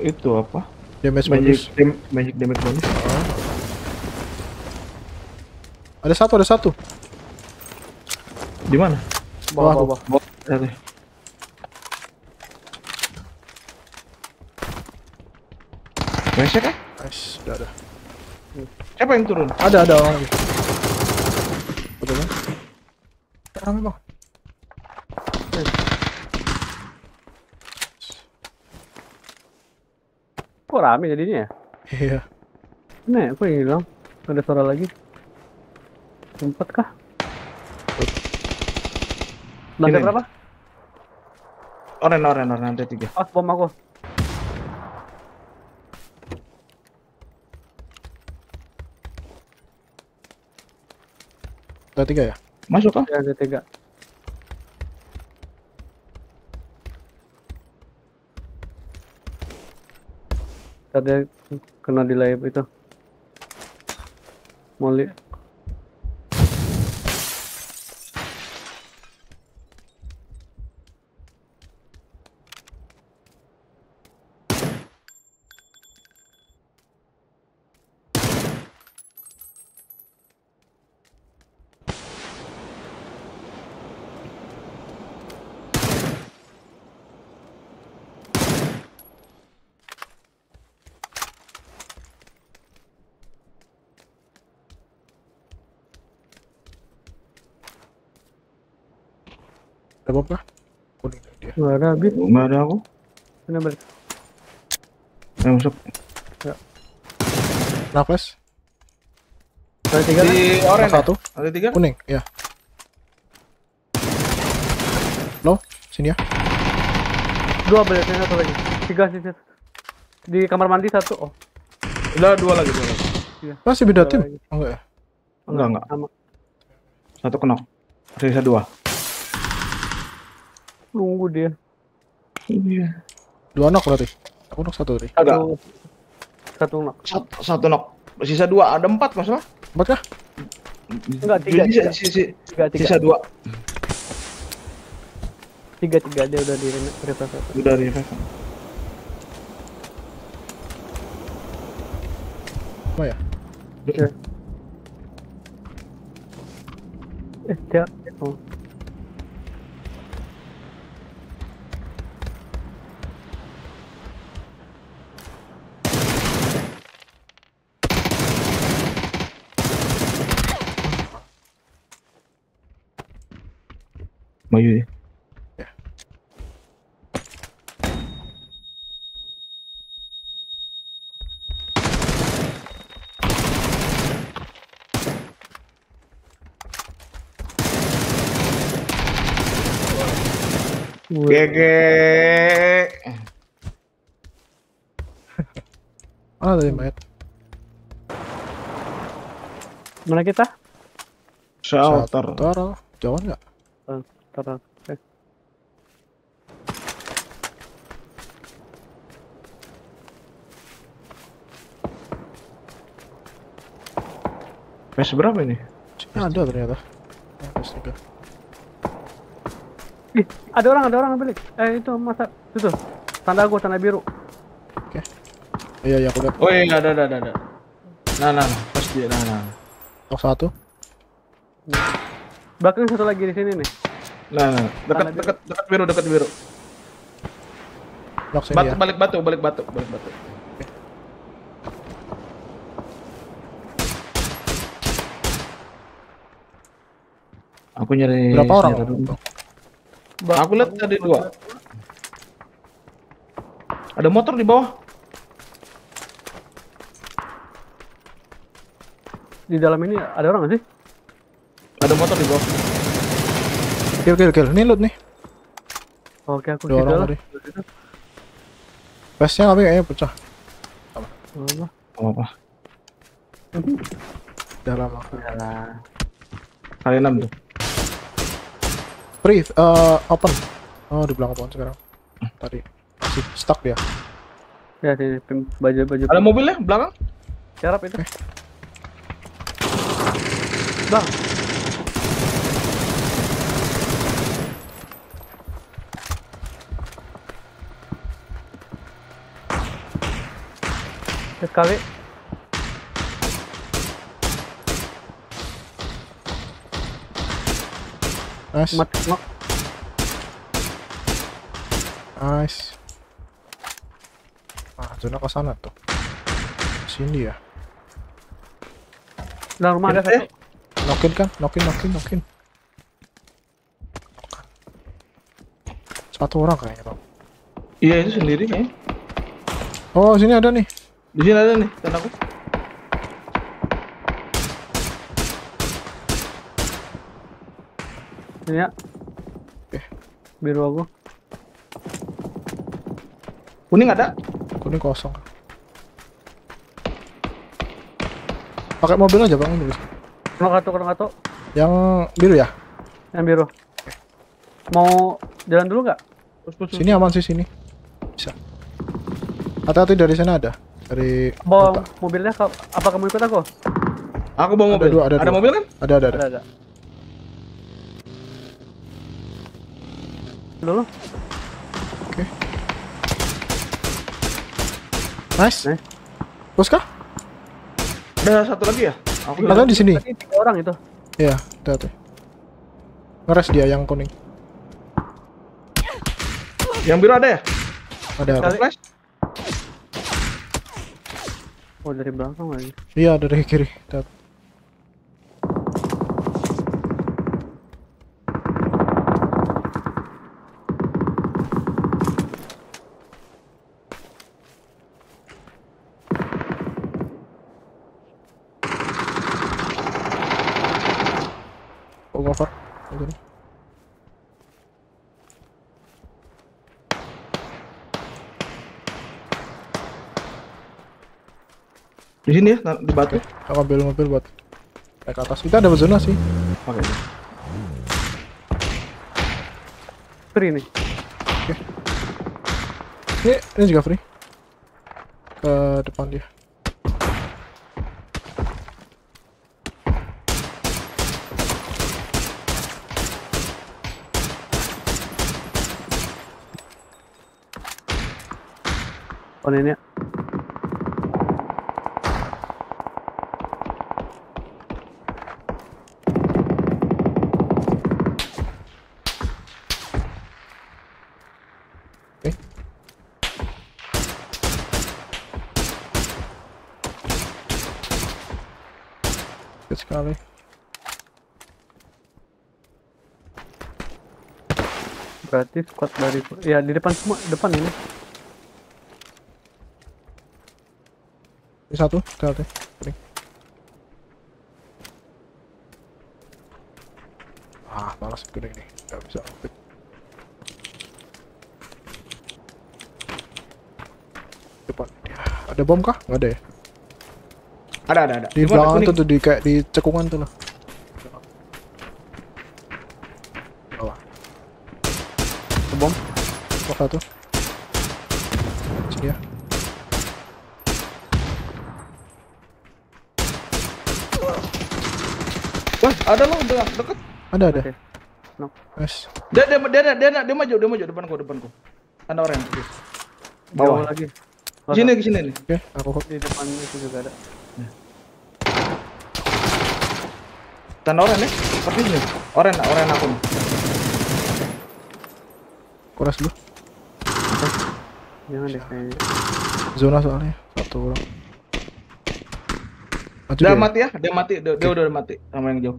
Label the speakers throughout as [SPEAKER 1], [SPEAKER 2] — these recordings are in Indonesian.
[SPEAKER 1] itu apa? Damage magic, bonus. Dam magic damage bonus. Oh. Ada satu, ada satu. Di mana? Bawah, bawah, bawah. bawah. Nice eh? Nice, udah ada. Siapa yang turun? Ada, ada orang Betul kan? Terang, bang. Eh,
[SPEAKER 2] Kok rame jadinya ya? Iya. Nek, kok yang hilang? Ada suara lagi. Tempat kah? Lantai berapa?
[SPEAKER 1] Oren, oren, oren, lantai tiga. Oh, bom aku. Lantai tiga ya? Masuk kah? Ya, lantai tiga.
[SPEAKER 2] tadi kena delay itu. Molly.
[SPEAKER 1] Ada apa? Oh, Gak ada Gak ada aku. Mana balik? Eh, masuk. Ya. Nafas. Ada tiga kan? di ya? satu. Ada tiga. Kuning, ya. Lo, sini ya.
[SPEAKER 2] Dua balik, satu lagi. Tiga sih. Di kamar mandi satu. Oh.
[SPEAKER 1] Udah dua lagi dua lagi. Iya. Masih beda tim? Enggak ya? Enggak enggak. Satu kenok. Sisa dua.
[SPEAKER 2] Nunggu dia. Iya.
[SPEAKER 1] Dua nok berarti. Aku nok satu tadi. Ada. Satu nok. Satu, satu nok. Sisa dua. Ada empat masalah. Empat kah? Enggak, tiga, tiga. Sisa, sisa, tiga, tiga. sisa dua.
[SPEAKER 2] Tiga, tiga. Dia udah di revive. Udah di revive. Apa ya? Oke. Eh, dia. Oh.
[SPEAKER 1] Maju ya. Gege. Ah, dari mayat? Mana kita? Shelter. Shelter. Jauh nggak? tarafta. Masih berapa ini? Ah, ada ternyata. tiga.
[SPEAKER 2] Ih, ada orang, ada orang balik. Eh itu masa itu tanda gua tanda biru. Oke.
[SPEAKER 1] Okay. Oh, iya, iya aku lihat. Oh iya, iya, ada ada ada ada. Nah, nah, nah. pasti nah, nah. Tok nah. satu.
[SPEAKER 2] bakal satu lagi di sini nih. Nah, nah.
[SPEAKER 1] dekat dekat dekat biru, dekat biru. Batu, ya. balik batu, balik batu, balik batu. Okay. Aku nyari berapa orang?
[SPEAKER 2] Nyari aku lihat ada dua. Ada motor di bawah. Di dalam ini ada orang nggak sih? Ada motor di bawah.
[SPEAKER 1] Kill kill kill. Ini loot nih.
[SPEAKER 2] Oke aku Dua orang tadi.
[SPEAKER 1] Bestnya tapi kayaknya pecah. Apa? Apa? Apa? Udah lama. Udah Kali enam tuh. Breathe, uh, open. Oh, di belakang pohon sekarang. Tadi masih stuck dia. Ya, di baju-baju. Ada
[SPEAKER 2] mobilnya belakang? siap itu. Okay. Eh. Bang, Let's it.
[SPEAKER 1] Nice. Mat no. Nice. Ah, Jona ke sana tuh. Sini ya. Dalam nah, rumah ada satu. Nokin kan? Nokin, nokin, nokin. Satu orang kayaknya, Bang. Iya, itu sendiri nih, Oh, sini ada nih. Di sini ada nih aku. Ini ya. Oke. Biru aku. Kuning ada? Kuning kosong. Pakai mobil aja bang bisa
[SPEAKER 2] Kena kartu, kena kartu.
[SPEAKER 1] Yang biru ya? Yang biru.
[SPEAKER 2] Mau jalan dulu nggak? Sini
[SPEAKER 1] aman sih sini. Bisa. Hati-hati dari sana ada. Cari
[SPEAKER 2] bawa mobilnya ke, apa kamu ikut aku? Aku bawa mobil. Ada, dua, ada, ada dua. mobil kan? Ada ada ada. ada,
[SPEAKER 1] ada. Dulu. Oke. Okay. Nice. Eh. Bos kah? Ada satu lagi ya? Aku Atau di sini.
[SPEAKER 2] tiga orang itu.
[SPEAKER 1] Iya, udah tuh. Ngeres dia yang kuning. Yang biru ada ya? Ada.
[SPEAKER 2] Flash? Oh dari belakang lagi?
[SPEAKER 1] Iya dari kiri. Di sini ya, di batu. Okay. Aku ambil mobil buat naik atas. Kita ada zona sih. Oke. Okay. Free nih. Oke. Okay. Ini, ini juga free. Ke depan dia. Oh ini ya. sakit sekali.
[SPEAKER 2] Berarti squad dari ya di depan semua depan ini.
[SPEAKER 1] Ini satu, satu. Ah, malas gede ini. nggak bisa open. Depan. Ada bom kah? nggak ada ya? Ada ada ada. Di belakang tuh, tuh di kayak di cekungan tuh lah Bawah. Tuh bom. Bom satu. Sini ya. Wah, ada lo udah deket. Ada ada. Okay. No. Nice. Dia dia dia dia dia, dia maju dia maju depanku depanku. Ada orang. Bawah lagi. Sini ke sini nih. Oke, okay, aku di depan itu juga ada. Dan oren seperti ya, ini, Oren, oren aku. Kuras lu, Jangan deh kayaknya. Zona soalnya satu orang. Maju udah mati ya, dia mati, dia, dia udah mati sama yang jauh.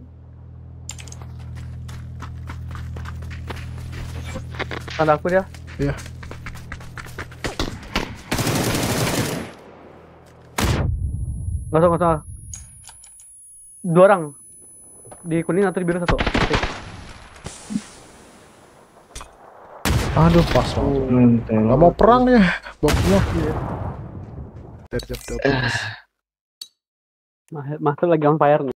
[SPEAKER 2] Ada aku dia. Iya. Gak salah gak salah, Dua orang, di kuning atau di biru satu Oke.
[SPEAKER 1] aduh pas banget oh, nggak mau perang ya bobnya dari jam
[SPEAKER 2] masuk lagi on fire nih